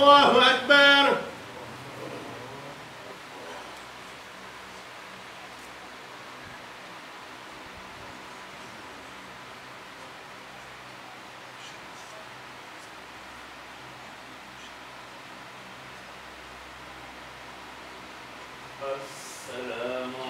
الله أكبر السلام عليكم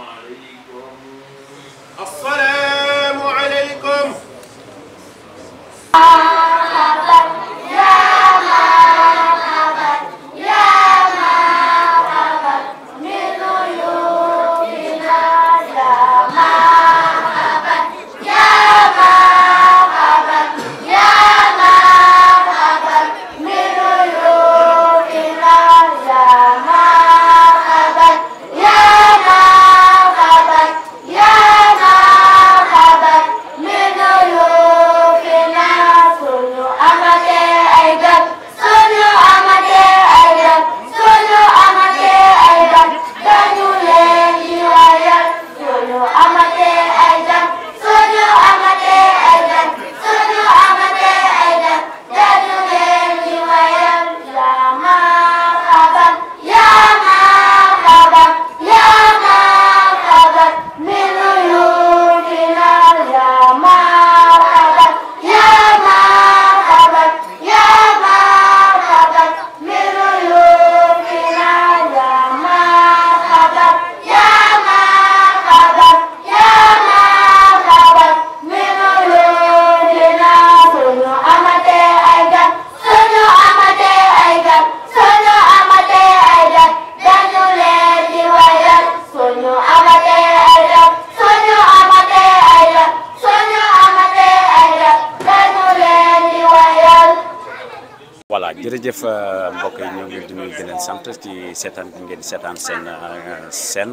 jërëjëf euh, mbokk yi ñoom ngi leen di sant ci seetaan gi ngeen di seetaan seen euh, seen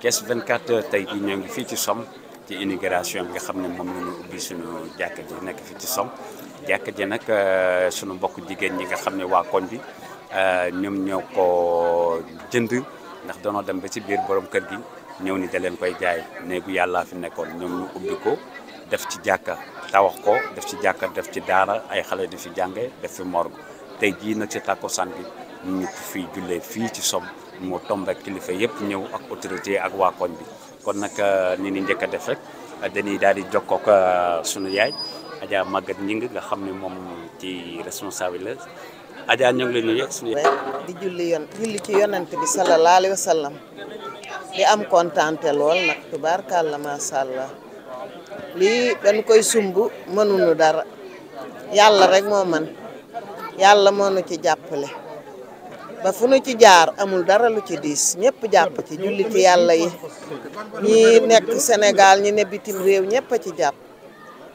Thiès 24 tey jii ñoo ngi fii ci som ci inigration bi nga xam ne moom la ñu ubbi suñu jàkka ji nekk fii ci Somme jàkka ji nag euh, suñu mbokk jigéen ñi nga xam ne waa koñ bi ñoom ñoo ko jënd ndax danoo dem ba ci biir borom kër gi ñëw ni da leen koy jaay néegu yàllaa fi nekkoon ñoom ñu ubbi ko def ci jàkka tawax ko def ci jàkka def ci daara ay xale di fi jànge def fi morgue tey jii nag ci tàkkusaan bi ñu ñu fi jullee fii ci som moo tombé kilifa yëpp ñëw ak autorité ak waa koñ bi kon nag euh, ni ni njëkk a def rek dañuy daal di jokkook euh, sunu yaay Adja Maguette Gningue nga xam ne moom ci responsable la Adja ñu ngi lay nuyu ak sunu yaay di julli yoon julli ci yonent bi sallallahu alayhi di am kontaante lool nag tubaarkàlla macha allah lii dañ koy sumb mënuñu dara yàlla rek moo man yàlla moo nu ci jàppale ba fu nu ci jaar amul dara lu ci diis ñëpp jàpp ci julliti yàlla yi ñi nekk Sénégal ñi ne bitim réew ñëpp a ci jàpp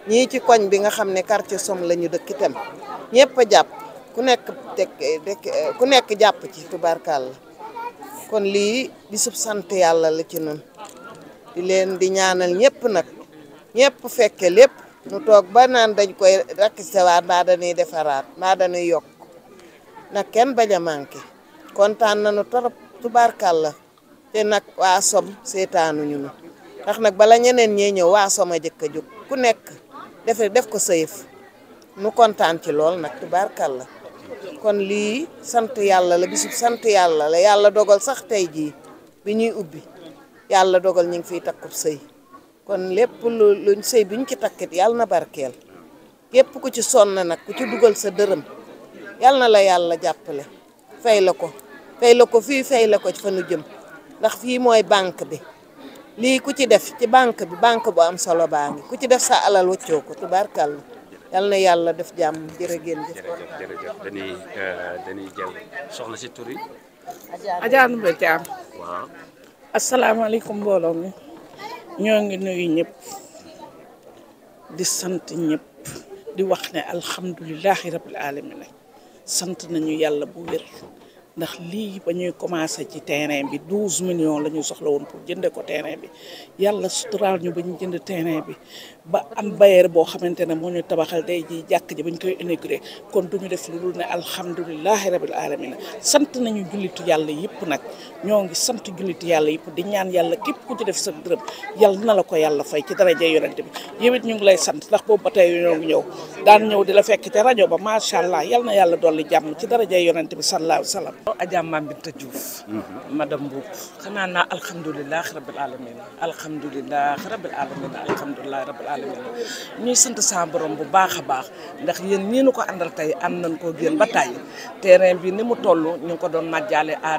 ñii ci koñ bi nga xam ne quartier som la ñu dëkk itam ñëpp a jàpp ku nekk dëkk ku nekk jàpp ci tubarkalla kon lii bisub sant yàlla la ci nun di leen di ñaanal ñëpp nag ñëpp fekke lépp nu toog ba naan dañ koy rakkisewaat mbaa dañuy defaraat mbaa dañuy yokk nag kenn bañ a manqué kontaan nañu torop tubaarkàl la te nag waa som seetaanuñu nu ndax nag bala ñeneen ñee ñëw waa som a jëkk a jóg ku nekk def def ko sëyëf nu kontaan ci lool nag tubaarkàl la kon lii sant yàlla la bisub sant yàlla la yàlla dogal sax tey jii bi ñuy ubbi yàlla dogal ñu ngi fiy takkub sëy kon lépp lu luñ sëy biñ ci takkit yàlla na barkeel képp ku ci sonn nag ku ci dugal sa dërëm yàlla na la yàlla jàppale fay la ko fay la ko fii fay la ko fa nu jëm ndax fii mooy bànk bi lii ku ci def ci banque bi banque bu am solo baa ku ci def sa alal wëccoo ko tubaarkàlla yal na yàlla def jàmm jërë ngeen jëf. jërëjëf jërëjëf dañuy dañuy yi. mbooloo mi. ñoo ngi nuyu ñëpp di sant ñëpp di wax ne alhamdulilahi rabil alamin sant nañu yàlla bu wér ndax lii ba ñuy commencé ci terrain bi 12 millions la ñu soxla woon pour jënde ko terrain bi yàlla suturaal ñu ba ñu jënd terrain bi ba am bailleur boo xamante ne moo ñu tabaxal day ji jàkk ji ba ñu koy inauguré kon du ñu def lu dul ne alhamdulilahi rabil alamin sant nañu jullitu yàlla yëpp nag ñoo ngi sant jullitu yàlla yëpp di ñaan yàlla képp ku ci def sa dërëm yàlla na la ko yàlla fay ci daraja yonent bi yow it ñu ngi lay sant ndax boobu ba tey ñoo ngi ñëw daan ñëw di la fekk ca rajo ba macha allah yàlla na yàlla dolli jàmm ci daraja yonent bi sallallahu alayhi wa Adja Mame Binta Diouf. madame Mboup xanaa na alhamdulilah rabil alamin alhamdulilah rabil alamin alhamdulilah rabil alamin ñuy sant sa borom bu baax a baax ndax yéen ñii nu ko àndal tey ànd nañ koo yéen ba tey terrain bi ni mu toll ñu ngi ko doon majjaale à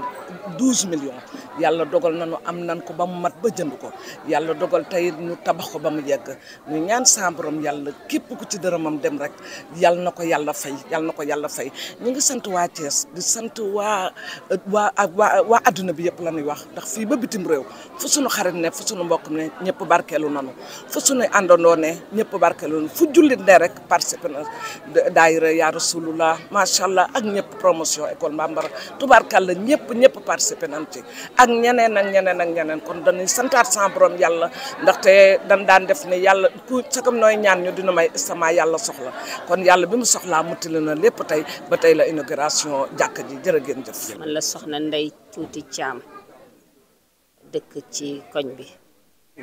douze millions. yàlla dogal na am nan ko ba mu mat ba jënd ko yàlla dogal tey ñu tabax ko ba mu yegg ñu ñaan sa borom yàlla képp ku ci dërëmam dem rek yàlla na ko yàlla fay yàlla na ko yàlla fay ñu ngi sant waa Thiès di sant waa waa waa waa adduna bi yëpp la ñuy wax ndax fii ba bitim réew fu sunu xarit ne fu sunu mbokk ne ñëpp barkeelu nanu fu sunu àndandoo ne ñëpp barkeelu nanu fu jullit ne rek participer na daayira yaa rasulullah macha allah ak ñëpp promotion école Bambara tubaarkàlla ñëpp ñëpp participer nañ ci ak ñeneen ak ñeneen ak ñeneen kon dañuy santaat san borom yàlla ndaxte dañ daan def ne yàlla ku sakam nooy ñaan ñu dina may sama yàlla soxla kon yàlla bi mu soxlaa muttali na lépp tey ba tey la inauguration jàkk ji jërë ngeen jëf. man la soxna Ndey Tuuti Caam dëkk ci koñ bi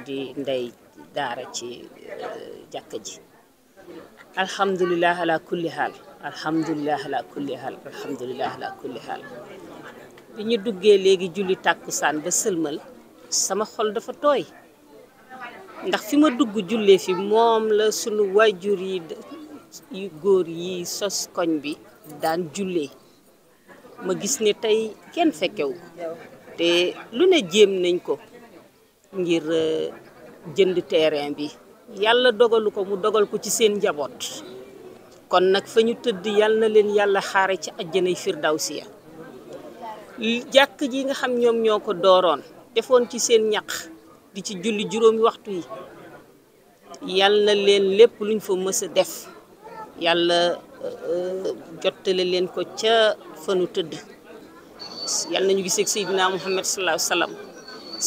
di ndey daara ci eh, jàkk ji alhamdulilah ala kulli haal alhamdulilah ala kulli haal bi ñu duggee léegi julli tàkkusaan ba sëlmal sama xol dafa tooy ndax fi ma dugg jullee fi moom la sunu waajur yi yu góor yi sos koñ bi daan jullee ma gis ne tey kenn fekkewu te lu ne jéem nañ ko ngir euh, jënd terrain bi yàlla dogalu ko mu dogal ko ci seen njaboot kon nag fa ñu tëdd yàlla na leen yàlla xaare ci àjjanay firdawsiya jàkk ji nga xam ñoom ñoo ko dooroon defoon ci seen ñax di ci julli juróomi waxtu yi yàlla na leen lépp luñ fa mës def yàlla euh, jottale leen ko ca fanu tëdd yàlla nañu gisee ak Seydina Muhammad sallallahu alayhi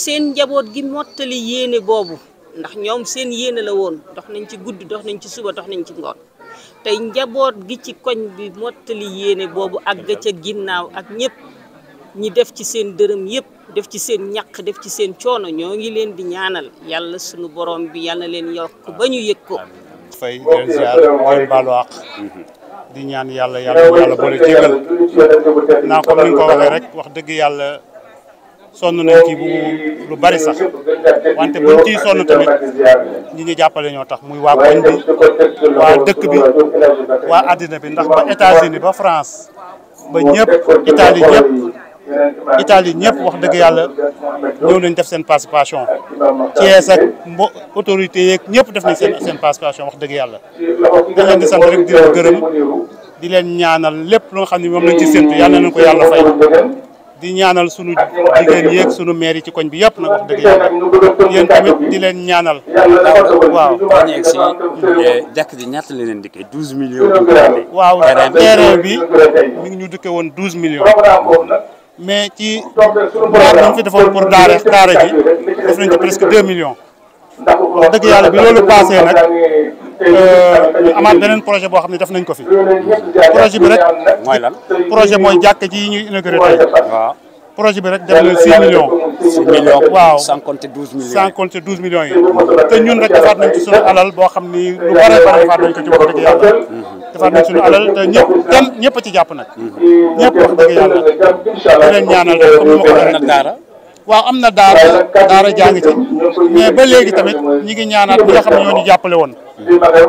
seen njaboot gi mottali yéene boobu ndax ñoom seen yéene la woon dox nañ ci gudd dox nañ ci suba dox nañ ci ngoon tey njaboot gi ci koñ bi mottali yéene boobu ak ga ca ginnaaw ak ñëpp ñi def ci seen dërëm yépp def ci seen ñaq def ci seen coono ñoo ngi leen di ñaanal yàlla sunu borom bi yàlla leen yokk ba ñu yëg ko. fay leen ziar mooy baalu àq di ñaan yàlla yàlla boole jégal naa comme ni ko waxee rek wax dëgg yàlla sonn nañ ci bu lu bari sax wante buñ ciy sonn tamit ñi ñu jàppale ñoo tax muy waa koñ bi waa dëkk bi waa àddina bi ndax ba États-Unis ba France ba ñëpp Italie ñëpp. Italie ñëpp wax dëgg yàlla ñëw nañ def seen participation Thiès ak mbo autorité yeeg ñëpp def nañ seen seen participation wax dëgg yàlla dañ leen di sant rek di leen gërëm di leen ñaanal lépp lu nga xam ne moom lañ ci séntu yàlla nañ ko yàlla fay di ñaanal sunu jigéen yeeg sunu meer yi ci koñ bi yëpp nag wax dëgg yàlla yéen tamit di leen ñaanal. waaw boo si eh, jàkk ji ñaata la leen dikkee 12 millions. woon 12 mais ci daara ñu fi defoon pour daara daara ji def nañ ci presque 2 millions. wax dëgg yàlla bi loolu passé nag ñu euh, beneen projet boo xam ne def nañ ko fi. projet bi rek. projet mooy jàkk ji yi ñuy inauguré tey. projet bi rek def na 6 millions. douze millions waaw sans compter douze millions sans compter douze millions yi te ñun rek defaat nañ ci suñu alal boo xam ni lu bare bare defaat nañ ko ci suñu alal te ñëpp dem ñëpp ci jàpp nag ñëpp wax dëgg yàlla di leen ñaanal rek waaw am na daara daara jaa ngi ci mais ba léegi tamit ñi ngi ñaanaat ñi nga xam ne jàppale woon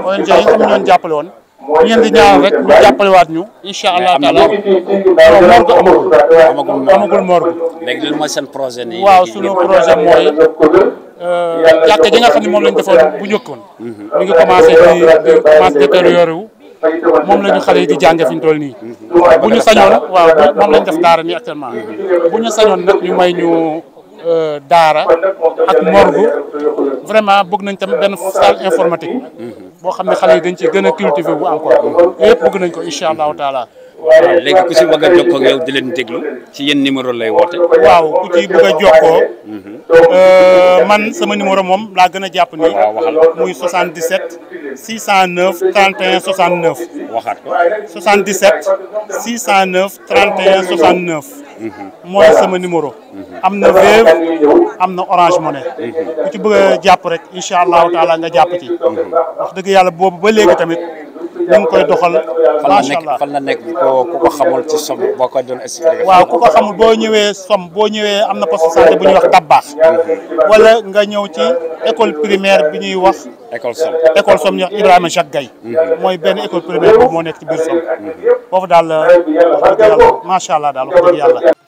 ONG nga xam ne jàppale woon ngeen di ñaaw rek ñu jàppalewaat ñu incha allah taala morgue amagul amagul morgue léegi lan mooy projet nii waaw suñu projet mooy jàkka ji nga xam ne moom lañ defoon bu njëkkoon mhm. mi ngi commencé di di commencé détérioré wu moom la xale yi di jànge fi ñu toll nii bu ñu sañoon waaw moom lañ def daara nii actuellement bu ñu sañoon nag ñu may ñu Euh, daara ak morgue vraiment bëgg nañ tam benn salle informatique boo xam ne xale yi dañ ci gën a cultiver bu encore yëpp bëgg nañ ko incha allahu taala léegi ku si bëgg a jokkoo di leen déglu ci yenn numéro lay woote waaw ku ci bëgg jokkoo euh, man sama numéro moom laa gën a jàpp nii muy 77 609 31 69 waxaat ko 77 609 31 69 mooy sama numéro am na Wave am na Orange Money ku ci bëgg a jàpp rek incha allahu taala nga jàpp ci wax dëgg yàlla boobu ba léegi tamit ñu ngi koy doxal macha allah fan la nekk ku ko xamul ci som boo ko doon expliqué waaw ku ko xamul boo ñëwee som boo ñëwee am na poste santé bu ñuy wax dabbaax mhm. wala nga ñëw ci école primaire bi ñuy wax école som école som ñu wax Ibrahima Jacques mhm. mooy benn école primaire boobu moo nekk ci som mhm. foofu daal wax macha allah daal wax dëgg yàlla